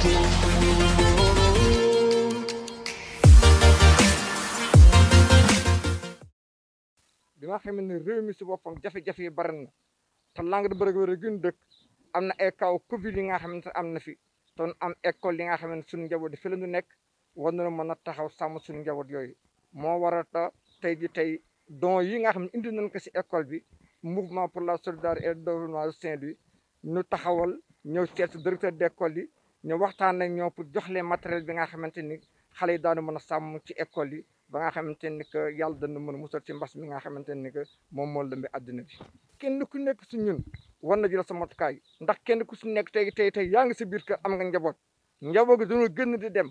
bi nga xam ne réew mi si boppam jafe-jafe yi bari na te langue de bëri wër gën dëkk am na ay kaw Covid yi nga xam ne am na fi te am école yi nga xam ne suñu njaboot fi la ñu nekk war na mën a taxaw sàmm suñu njaboot yooyu moo waral tey ji tey don yi nga xam ne indi nañ ko si école bi mouvement pour la solidarité et le développement de Saint-Louis ñu taxawal ñëw seet directeur d'école yi ñu waxtaan nag ñoo pour jox leen matériel bi nga xamante ni xale yi daanu mën a sàmm ci école yi ba nga xamante ni que yàlla dana mën a musal ci mbas mi nga xamante ni que moom moo lëmbe àddina bi kenn ku nekk si ñun war na jël sa matukaay ndax kenn ku si nekk tey tey tey yaa nga si biir kër am nga njaboot njaboot gi dañoo gën di dem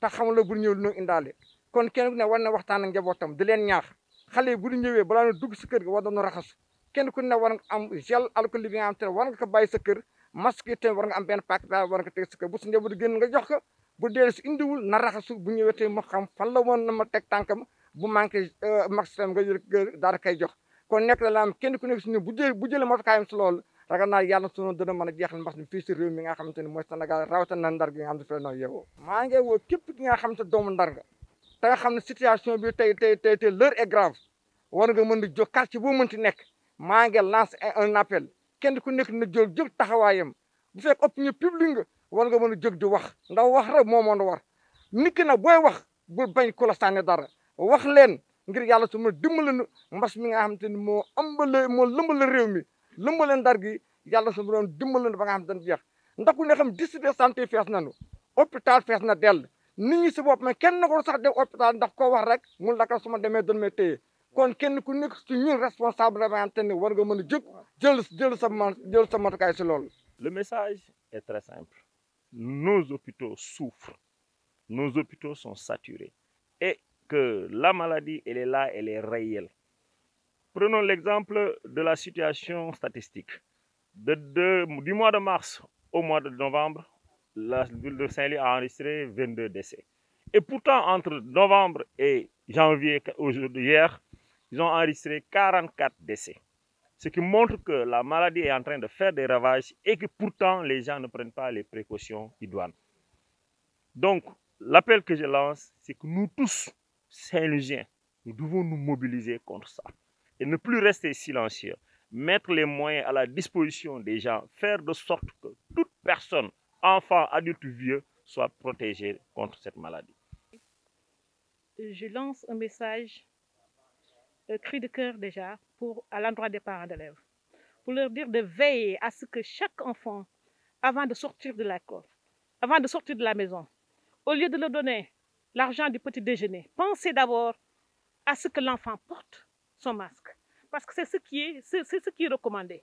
tax xam la bu ñëw lu indaale kon kenn ku ne war na waxtaan ak njabootam di leen ñaax xale yi bu ñu ñëwee balaa ñu dugg si kër gi war na raxas kenn ku ne war am gel alcool bi nga xam te ne ko bàyyi sa kër masque itam war nga am benn paquet daal war nga teg si ko si njaboot génn nga jox ko bu dee si na raxasu bu ñëwee tey mu xam fan la woon na ma teg tànkam bu manqué euh, masque tam nga jël daal koy jox kon nekk la am kenn ku nekk si ñun bu jëlee bu jëlee matukaayam si lool ragal naa yàlla sunu dana mën a jeex mbas mi fii si réew mi nga xamante ni mooy Sénégal rawatina ndar gi nga xam ne fii la yeewoo maa ngi woo képp ki xam xamante doomu ndar nga te nga xam ne situation bi tey tey tey tey l'heure est grave war nga mën di jóg quartier boo mënti nekk maa ngi lancé appel kenn ku nekk na jël jël taxawaayam bu fekk opinion publique nga war nga mën a jóg di wax ndax wax rek moo mën a war nit nag booy wax bul bañ ku la dara wax leen ngir yàlla su ma dimbali nu mbas mi nga xam te ni moo ëmbale moo lëmbale réew mi lëmbale ndar gi yàlla su ma doon dimbali ba nga xam te ne jeex ndax ku ne xam district de santé fees nañu hôpital fees na dell ni ñi si bopp ma kenn na ko sax dem hôpital ndax koo wax rek mun la ko su ma demee doon may téye le message est très simple nos hôpitaux souffrent nos hôpitaux sont saturés et que la maladie elle est là elle est réelle prenons l'exemple de la situation statistique de, du mois de mars au mois de novembre la ville de Saint-Louis a enregistré 22 décès et pourtant entre novembre et janvier aujourd'hui hier ils ont enregistré 44 décès. Ce qui montre que la maladie est en train de faire des ravages et que pourtant les gens ne prennent pas les précautions idoines. Donc, l'appel que je lance, c'est que nous tous, saint lusiens nous devons nous mobiliser contre ça. Et ne plus rester silencieux. Mettre les moyens à la disposition des gens. Faire de sorte que toute personne, enfant, adulte, vieux, soit protégée contre cette maladie. Je lance un message euh, cri de cœur déjà pour, à l'endroit des parents d'élèves, pour leur dire de veiller à ce que chaque enfant, avant de sortir de l'école, avant de sortir de la maison, au lieu de leur donner l'argent du petit déjeuner, pensez d'abord à ce que l'enfant porte son masque, parce que c'est ce, qui est, c'est, ce qui est recommandé.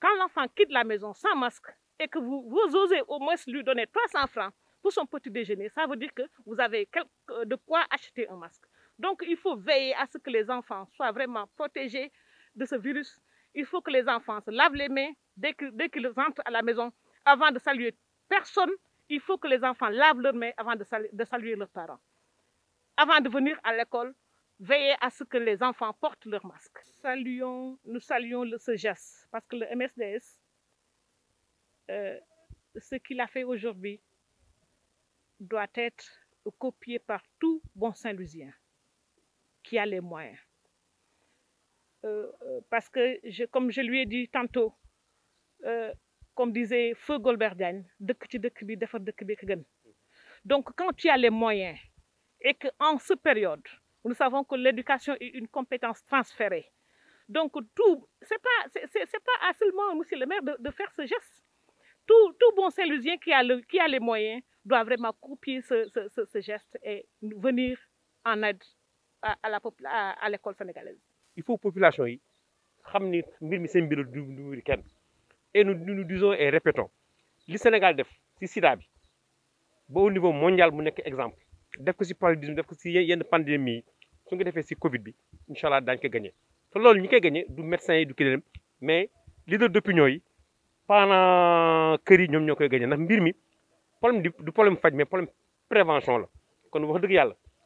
Quand l'enfant quitte la maison sans masque et que vous, vous osez au moins lui donner 300 francs pour son petit déjeuner, ça veut dire que vous avez euh, de quoi acheter un masque. Donc, il faut veiller à ce que les enfants soient vraiment protégés de ce virus. Il faut que les enfants se lavent les mains dès qu'ils entrent à la maison. Avant de saluer personne, il faut que les enfants lavent leurs mains avant de saluer, leurs parents. Avant de venir à l'école, veillez à ce que les enfants portent leur masque. Saluons, nous saluons le, ce geste parce que le MSDS, euh, ce qu'il a fait aujourd'hui, doit être copié par tout bon saint louisien qui a les moyens. Euh, euh, parce que, comme je lui ai dit tantôt, euh, comme disait Feu Golberdian, donc quand tu as les moyens et qu'en ce période, nous savons que l'éducation est une compétence transférée. Donc tout, c'est pas, pas à seulement Monsieur le maire de, faire ce geste. Tout, bon saint qui, a qui a les moyens doit vraiment copier ce geste et venir en aide à l'école sénégalaise. il faut population la population mbir et nous nous disons et répétons le Sénégal def au niveau mondial mu exemple def ko ci paludisme def pandémie Covid bi gagné gagné du médecin du mais leader d'opinion pendant gagné problème du problème mais problème prévention la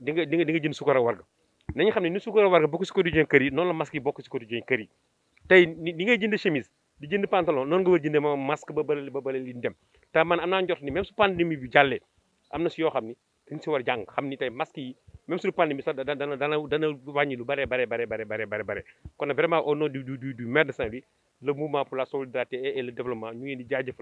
di nga di nga jënd sukar a warga nañu xam ni sukar a warga bokk si quotidien kër yi noonu la masque yi bokk si quotidien kër yi tey ni ngay jënd chemise di jënd pantalon noonu nga war jënde ma masque ba bële ba bële li dem te am naa njort ni même su pandémie bi jàllee am na si yoo xam ni dañ si war jàng xam ni tey masque yi même sur pandémie sax dana dana dana lu bare bare bare bare bare bare bare kon nag vraiment au nom du du du maire de Saint-Louis pour la solidarité et le développement ñu ngi leen di